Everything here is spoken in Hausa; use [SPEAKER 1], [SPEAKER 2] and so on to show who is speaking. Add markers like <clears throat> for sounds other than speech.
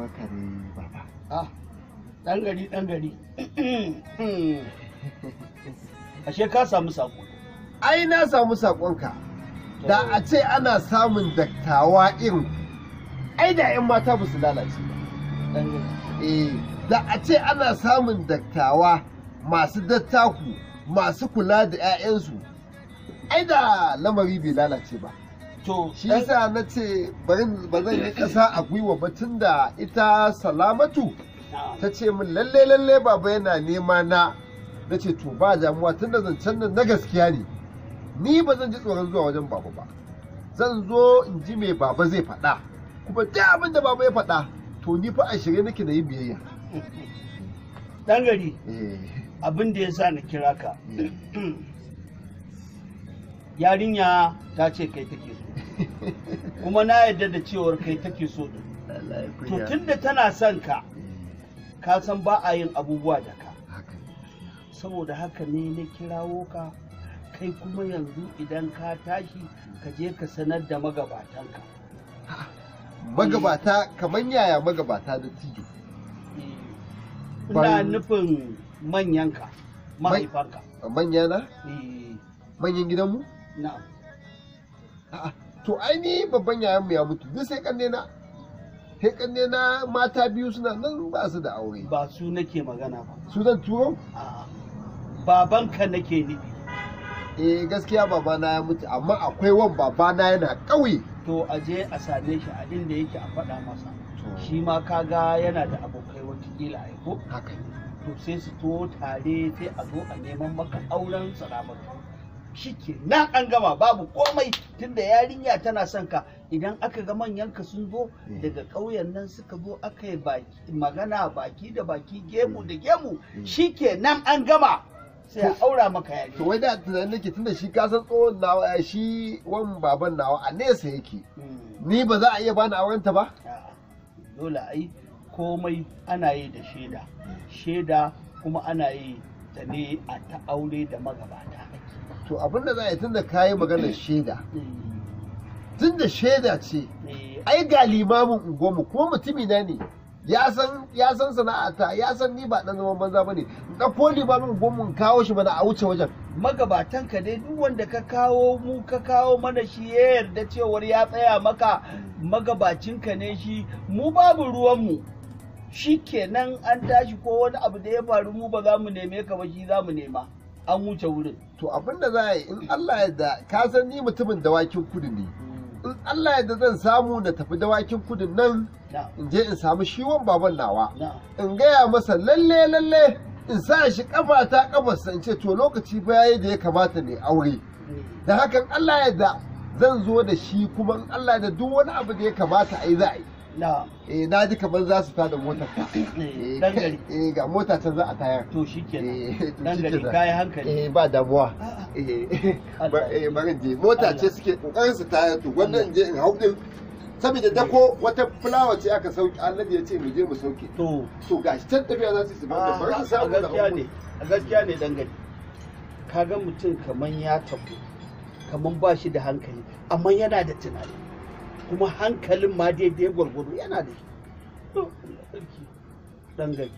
[SPEAKER 1] barka baba
[SPEAKER 2] ah dan gari dan gari ashe ka samu sako ai na samu saƙonka, da a ce ana
[SPEAKER 1] samun daktawa irin ai da 'yan mata ba su lalace ba eh, da a ce ana samun daktawa masu dattaku masu kula da 'ya'yansu ai da lamari bai lalace ba to shi yasa na ce ba zan yi ƙasa a gwiwa ba da ita salamatu ta ce min lalle lalle baba yana nema na na ce to ba damuwa da zancen nan na gaskiya ne ni ba zan ji tsoron zuwa wajen baba ba zan zo in ji me baba zai faɗa kuma duk abin da baba ya faɗa to ni fa a shirye nake na yi
[SPEAKER 2] biyayya dan gari eh. abin da ya sa na kira ka eh. <clears throat> yarinya ta ce kai take so <laughs> kuma na yarda da cewar kai take so to tunda tana son ka ka san ba a yin abubuwa da ka saboda haka ne na kirawo ka kai kuma yanzu idan ka tashi ka je ka sanar da magabatanka magabata kamar yaya magabata da tijo eh, ina
[SPEAKER 1] nufin manyanka mahaifanka manyana eh. manyan gidanmu to ai ni babban yayan mu ya mutu duk sai kanne na sai kanne na mata biyu suna nan ba su da aure ba su nake magana ba su zan turo babanka nake
[SPEAKER 2] ni eh gaskiya babana ya mutu amma akwai wan babana yana ƙauye to a je a same shi a inda yake a faɗa masa shi ma kaga yana da abokai kila a ko haka to sai su to tare sai a zo a neman maka auren salamatu shike nan an gama babu komai tunda yarinya tana son ka idan aka ga manyanka sun zo hmm. daga ƙauyen nan suka zo aka yi magana baki da baki gemu hmm. da gemu hmm. shike nan an gama sai a aura maka
[SPEAKER 1] yari to wai da tunanin nake tunda shi ka san tsohon nawa shi wan baban nawa a nesa yake
[SPEAKER 2] ni ba za a iya bani aurenta ba dole ai komai ana yi da shaida shaida kuma ana yi da ne a ta aure da magabata
[SPEAKER 1] to abin da za a yi tun da ka yi maganar eh. shaida eh. tun da shaida ce eh. ai ga limamin ungomu kuma mutumi na ne ya
[SPEAKER 2] san sana'a ta, ya san ni ba dan zaman banza ba bane da ko limamin ungomu kawo shi mana a wuce wajen magabatan ka dai duk wanda ka kawo mu ka kawo mana shi ya yarda cewar ya tsaya maka magabacin ka ne shi mu babu ruwanmu shi kenan an tashi ko wani abu da ya faru mu ba za mu neme ka ba shi za mu nema an wuce wurin to abin za a yi in Allah ya ka san ni mutumin dawakin kudu ne
[SPEAKER 1] in Allah ya da zan samu na tafi dawakin kudu nan in je in samu shiwon baban nawa in gaya masa lalle lalle in sa shi kafa ta kafarsa in ce to lokaci fa da ya kamata ne aure da hakan Allah ya zan zo da shi kuma in Allah ya da duk wani abu da ya kamata a yi za a yi Eh, na ji kamar za su tada motar ka <coughs> eh, eh, eh ga mota can za a tayar to shikenan dan gari yi hankali eh ba damuwa <laughs> eh bari je mota ce suke kokarin su tayar to wannan je in hau din saboda dako wata fulawa ce aka sauke Allah ya ce mu je mu sauke to to gashi can tafiya za su su bar da bari su samu gaskiya ne gaskiya ne dan gari
[SPEAKER 2] ga mutum kaman ya tafi kaman ba shi da hankali amma yana da tunani kuma hankalin ma daidai gwargwado yana da shi Ɗan gari